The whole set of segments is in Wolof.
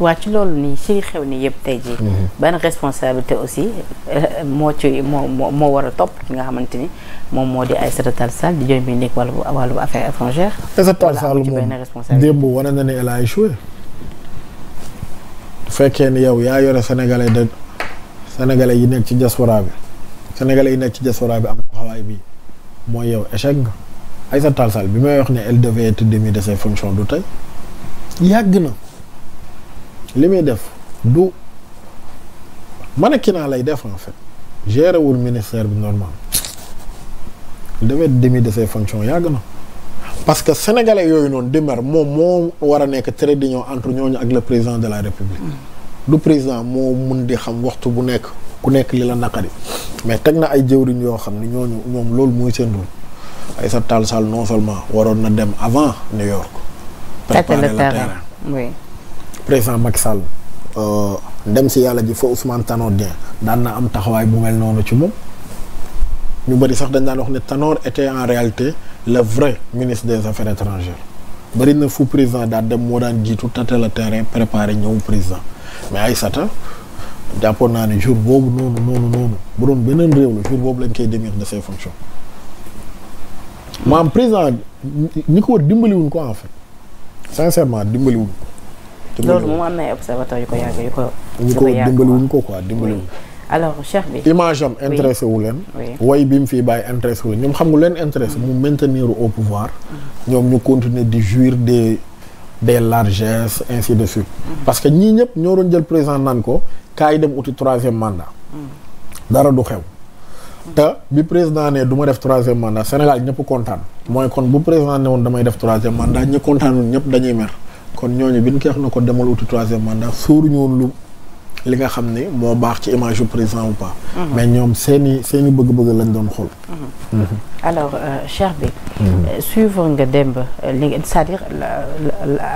waa ci loolu nii ci xew ni yëpp tey jii. Mhm. ban responsabilité aussi euh, moo ci moo moo moo war a topp ki nga xamante ni moom moo di Aïssata Tall Sall di jëm bi nekk wàllu wàllu affaire étrangère. Aïssata Tall Sall moom démb na ne la a échoué. bu fekkee ni yow yaa yore sénégalais de sénégalais yi nekk ci diaspora bi sénégalais yi nekk ci diaspora bi am taxawaay bi mooy yow échec nga Aïssata Tall Sall bi may wax ne elle devait être démise de ses fonction du tey yàgg na. li muy def du mannequinat lay def en fait géré wul ministère bi normal il devait démis de ses fonctions yàgg na parce que sénégalais yooyu noonu demeure moom moo war a nekk trait d'union entre ñooñu ak le président de la république du président moo mun di xam waxtu bu nekk ku nekk li la naqari mais teg na ay jëwriñ yoo xam ne ñooñu moom loolu mooy seen rôle Aïssata Tall Sall non seulement waroon na dem avant New York préparer terrain président Macky Sall euh, dem si yàlla ji fa Ousmane Tanor Dieng daan na am taxawaay bu mel noonu ci moom ñu bëri sax dañ daan wax ne Tanor était en réalité le vrai ministre des affaires étrangères bëri na fu président daal dem moo daan jiitu tâter le terrain préparé ñëw président mais Aïssata jàppoon naa ne jour boobu noonu noonu noonu bu doon beneen réew la jour boobu lañ koy démis de ses fonctions maam président ñu ko war dimbaliwuñ ko en fait sincèrement dimbaliwuñ loolu moom am na ay observateur yu ko yàgg yu ko. yu ko ko quoi dimbaliwuñ. alors cheikh bi. image am intéressé wu leen. way bi mu fi bàyyi intéressé wu ñoom xam nga leen intéressé mu maintenir au pouvoir. Mm-hmm. ñoom ñu continuer di jouir des des largesses ainsi de suite. Mm-hmm. parce que ñii ñëpp ñoo doon jël président naan ko kaay dem uti troisième mandat. Mm-hmm. dara du xew. te bi président ne du ma def troisième mandat Sénégal ñëpp kontaan. mooy kon bu président ne woon damay def troisième mandat ñi kontaanul ñëpp dañuy mer. kon ñooñu bi keex na ko demal wuti troisième mandat sóoruñu woon lu li nga xam ne moo baax ci image yu président ou pas. Mhm. mais ñoom seeni seeni bëgg-bëgg lañ doon xool. Mhm. Mhm. alors euh, cher bi. Euh, suivre nga démb euh, li c'est-à-dire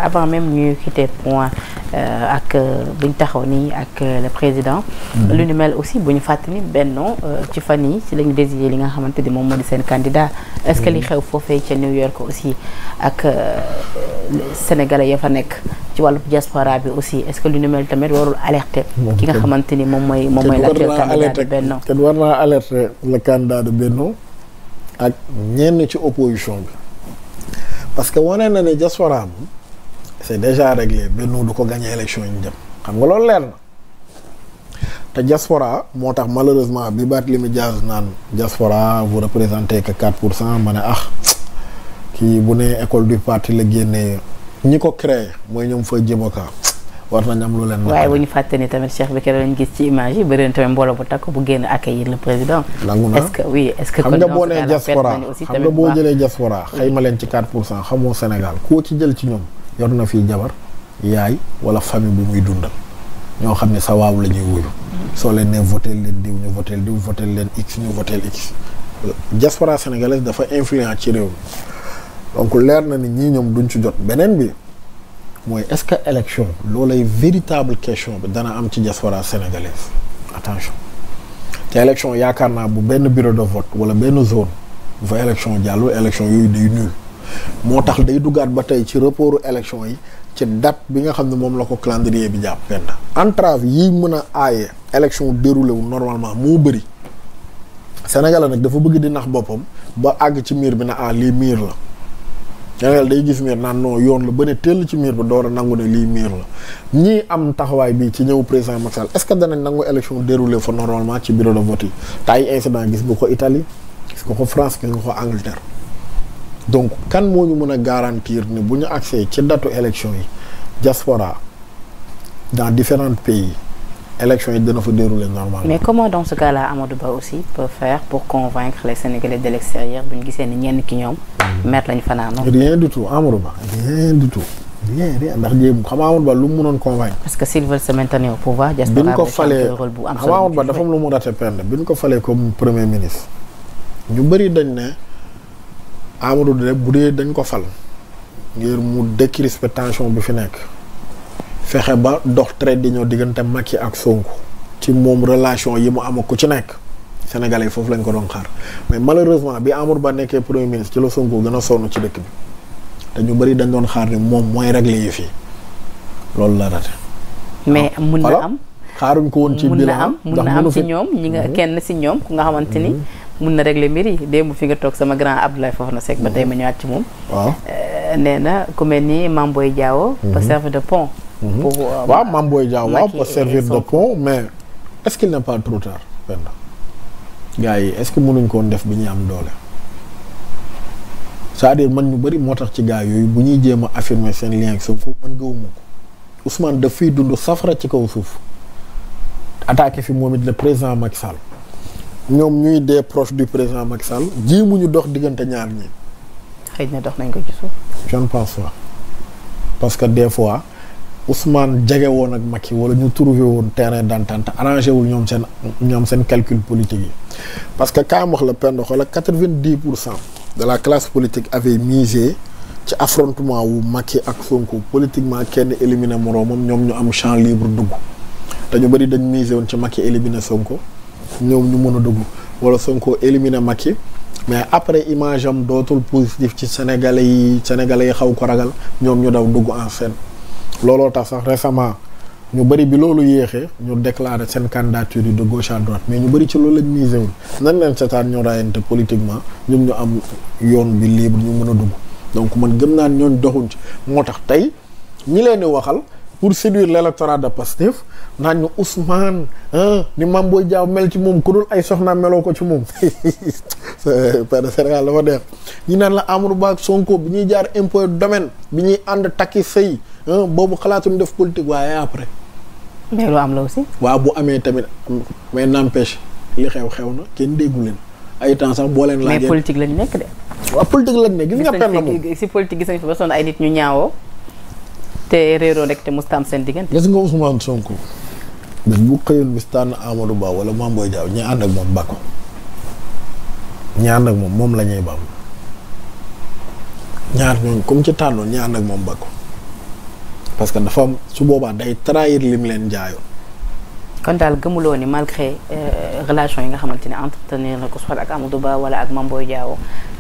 avant même ñuy quitter point ak bi ñu taxaw nii ak le président. lu ni mel aussi bu ñu fàttali bennoo ci fan yi ci lañu désigné li nga xamante ni moom moo di seen candidat. est-ce que li xew foofu foofee ca New York aussi ak sénégalais ya fa nekk. ci wàllu diaspora bi aussi est-ce que lu ni mel tamit warul alerter. ki nga xamante ni moom mooy moom mooy. l'actuel candidat de Benno kenn war naa alerter le candidat de Benno ak ñenn ci opposition bi parce que wane na ne diaspora bi c'est déjà réglé Benno du ko gagné élection yi ñu jëm xam nga loolu leer na te diaspora moo tax malheureusement bi baat li mu jaaz naan diaspora vous représentez que pour cent ma ne ah kii bu ne école du parti la génnee. ñi ko créé mooy ñoom fa jiboka war na am lu leen. waaye bu ñu fàtte ni tamit Cheikh bi keroog lañ gis ci image yi bëri na tamit mbooloo bu takk bu génn accueillir le président. nangu na est-ce que oui est-ce que. xam nga boo nee diaspora xam nga boo jëlee diaspora xayma leen ci 4 pour cent xamoo Sénégal koo ci jël ci ñoom yor na fii jabar yaay wala famille bu muy dundal ñoo xam ne sa waaw la ñuy wuyu. soo leen nee voté leen diw ñu voté diw voté leen x ñu voté x euh, diaspora sénégalaise dafa influent ci réew mi donc leer na ni ñii ñoom duñ ci jot beneen bi mooy est-ce que élection loolay véritable question bi dana am ci diaspora sénégalaise attention te élection yaakaar naa bu benn bureau de vote wala benn zone bu fa élection jàllu élection yooyu day nul moo tax day duggaat ba tey ci rapportu élection yi ci date bi nga xam ne moom la ko calendrier bi jàpp benn entrave yi mën a aaye élection déroulé wu normalement moo bëri Sénégal nag dafa bëgg di nax boppam ba àgg ci miir bi na ah lii miir la ñaareel day gis miir naan non yoon la ba ne teel ci miir ba door a nangu ne lii miir la ñii am taxawaay bii ci ñëw président Macky Sall ce que danañ nangu élection déroulé fa normalement ci bureau de vote yi te ay incident gis nga ko itali gis nga ko France gis nga ko Angleterre donc kan moo ñu mën a garantir ne bu ñu accès ci datu élection yi diaspora dans différents pays élection yi dina fa dérouler normalement. mais comment dans ce cas-là Amadou Ba aussi peut faire pour convaincre les Sénégalais de l'extérieur bu ñu gisee ni ñenn ki ñoom. mer hmm. lañu fa rien du tout Amadou Ba rien du tout. rien rien ndax jéem xam Amadou Ba lu mu mënoon convaincre. parce que s'il veut se pouvoir. bi ñu ko falee xam Amadou Ba dafa am lu mu raté perte ñu bëri dañ ne bu dee dañ ko fal ngir mu décrisper tension bi fi nekk. fexe ba dox trait d'union diggante Macky ak Sonko ci moom relation yi mu am ku ci nekk Sénégalais yi foofu lañ ko doon xaar mais malheureusement bi Amadou Ba nekkee premier ministre ci la Sonko gën a sonn ci dëkk bi te ñu bari dañ doon xaar ni moom mooy régler yi fii loolu la rate mais ah, mun na am xaaruñ ko woon ci biir am mun na am ci ñoom ñi nga mhm. kenn si ñoom ku nga xamante ni mhm. mun na régler mbir yi démb fi nga toog sama grand Abdoulaye Fofana Seck ba tey mhm. ma ñëwaat ci moom waaw euh, nee na ku mel ni Mamboy Diawo Mhm. waaw Mame Boye Diao waaw pour servir de pont mais est-ce qu'il n'est pas trop tard Penda yi est-ce que mënuñ ko woon def bi ñuy am doole cest à man ñu bëri moo tax ci gars yooyu bu ñuy jéem a affirmer seen lien ak mën man gëwuma ko Ousmane daf fiy dund safara ci kaw suuf attaqué fi moom it le président Macky ñoom ñuy des proches du président Macky Sall mu ñu dox diggante ñaar ñi. xëy na dox nañ ko ci suuf. je ne parce que des fois. Ousmane jege woon ak yi wala ñu trouvé woon terrain d'entente arrangé wul ñoom seen ñoom seen calcul politique yi parce que kaam wax la pend xoola quatre-vingt-dix pour cent la classe politique avait misé ci affrontement wu yi ak Sonko politiquement kenn éliminé moroomam ñoom ñu am champ libre dugg te ñu bëri dañ miser woon ci mag Macky éliminé Sonko ñoom ñu mën a dugg wala éliminer éliminé yi mais après image am dootul positif ci sénégalais yi sénégalais yi xaw ko ragal ñoom ñu daw dugg en scène looloo tax sax récemment ñu bëri bi loolu yéexee ñu déclaré seen candidature yi de gauche mais ñu bëri ci loolu lañ misé wul nan leen seetaan ñu raayante politiquement ñoom ñu am yoon bi libre ñu mën a dugg donc man gëm naa ñooñ doxuñ ci moo tax tey ñi leen di waxal pour séduire l'électorat de Pastef naan ñu Ousmane ni Mame Boye Diao mel ci moom ku dul ay soxna meloo ko ci moom père Sénégal dafa def ñi naan la Amadou Ba ak Sonko bi ñuy jaar impôt domaine bi ñuy ànd takki sëy boobu xalaatuñu def politique waaye après. mais lu am la aussi. waaw bu amee tamit mais n'empêche li xew xew na kenn déggu leen ay temps sax boo leen. laajee mais politique lañ nekk de. waa politique lañ nekk gis nga pen na moom gis nañ fi ba sonn ay nit te réeroo rek te musta am seen diggante. gis nga Ousmane Sonko. bis bu xëyoon bis tànn Amadou Ba wala Mame Boye Diao ñi ànd ak moom bàkko ñi ànd ak moom moom la ñuy bam ñaar comme ci tànnoon ñi ànd ak moom bàkko parce que dafa am su boobaa day trahir lim leen jaayoon. kon daal gëmuloo ni malgré euh, relation yi nga xamante ne entretenir na ko soit ak Amadou Ba wala ak Mame Boye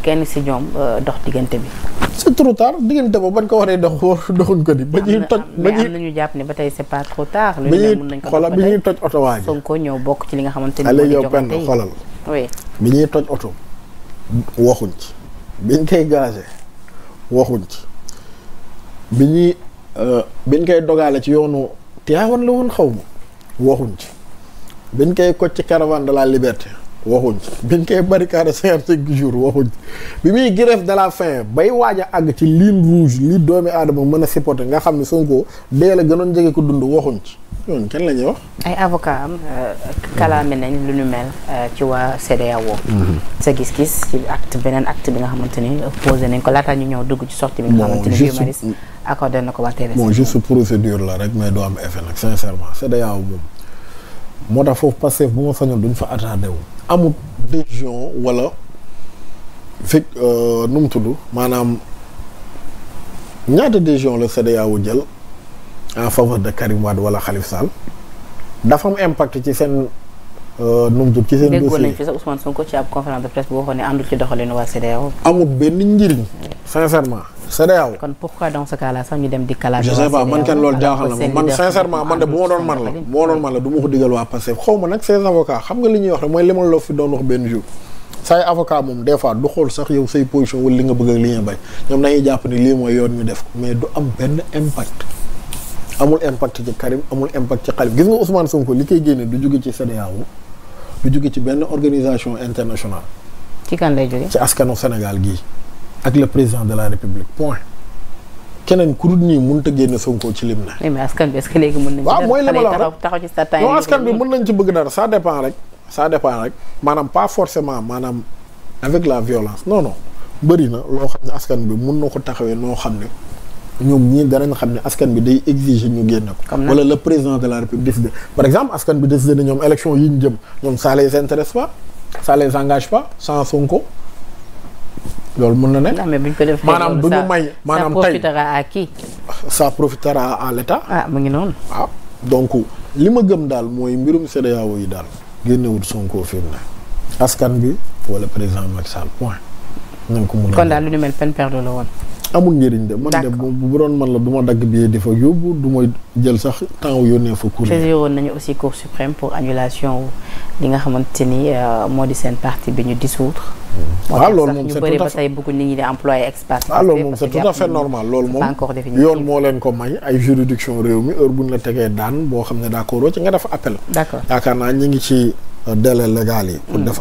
kenn si ñoom euh, dox diggante bi. c'est trop tard diggante ba bañ ko waree dox doxuñ ko ni. ba ñuy toj ba ñuy am na ñu jàpp ne ba tey c'est trop tard. lu ñu mën bi ñuy toj oto waa ji Sonko ñëw bokk ci li nga xamante ne moo di penn xoolal. oui bi ñuy toj oto waxuñ ci. biñ koy bi Euh, biñ koy dogaale ci yoonu Tivaouane la woon xaw ma waxuñ ci biñ koy ko ci caravane de la liberté waxuñ ci biñ koy barricade cinquante-cinq jours waxuñ ci bi muy grève de la faim bay waaj a àgg ci ligne rouge lii doomi aadama mën a supporter nga xam ne Sonko dee la gënoon jege ko dund waxuñ ci ñooñu kenn la ñuy wax. ay avocat am euh, kalaame nañ lu ñu mel euh, ci waa CEDEAO. Mhm. sa gis-gis ci acte beneen acte bi nga xamante ni posé nañ ko laataa ñu ñëw dugg ci sortie bi accordé na ko waa TDC. bon juste procédure la rek mais doo am effet nag sincèrement CEDEAO moom moo tax foofu Pastef bu ma sañoon duñ fa attardé wu. amul décision wala fekk euh, nu mu tudd maanaam ñaata décision la CEDEAO jël en faveur de Karim Wade wala Khalifa Sall dafa am impact ci seen. Euh, nu mu tudd ci seen dossier déggoon nañ fi sax Ousmane Sonko ci ab conférence de presse bu waxoon ne àndul ci doxalinu waa CEDEAO. amul benn njëriñ sincèrement. CEDEAO kon pourquoi dans ce cas là sax ñu dem di kalaat. je sais pas man kenn loolu jaaxal na ma man sincèrement man ah, la bu doon man la du ma ko waa Pastef xaw nag ses avocats xam nga li ñuy wax rek mooy li la fi doon wax benn jour. say avocat moom des du xool sax yow say position wala li nga bëgg ak li nga bañ ñoom dañuy jàpp ni lii mooy yoon ñu def mais du am benn impact. amul impact ci Karim amul impact ci Khalifa gis nga Ousmane Sonko li koy génne du jóge ci CEDEAO du jóge ci benn organisation internationale. ci kan lay ci askanu Sénégal gii. ak le président de la république point keneen ku dul nii mënut a génne Sonko ci lim na. askan bi est léegi mën li ma la wax taxaw ci sa temps nañ ci bëgg dara ça dépend rek. ça dépend rek maanaam pas forcément maanaam avec la violence non non bëri na loo xam ne askan bi mun na ko taxawee noo xam ne ñoom ñii danañ xam ne askan bi day exiger ñu génne ko. wala le président de la république décide par exemple askan bi décide na ñoom élection yi ñu jëm ñoom ça les intéresse pas ça les engage pas sans Sonko. loolu mën na ne. non mais bu ñu ko defee maanaam du may. maanaam tey ça profitera à qui. ça profitera à l'État. ah mu ngi noonu. waaw ah, donc li ma gëm daal mooy mbirum CEDEAO yi daal. génnewul Sonko fi mu askan bi wala président Macky Sall point. nañ a kon daal lu ñu mel peine perdue la woon. amul njëriñ de man de bu doon man la du ma dagg billet di fa yóbbu du ma jël sax temps yónnee fa cour woon nañu aussi cour suprême pour annulation li nga xamante ni euh, moo di seen parti bi ñu dissoudre waaw hmm. ah, loolu moom c'est ah, tout à fait bëgg nit ñi moom yoon moo leen ko may ay juridiction réew mi heure bu ñu la tegee daan boo xam ne d'accord ci nga def appel d'accord yaakaar naa ñi ngi ci euh, délai légal yi pour hmm. def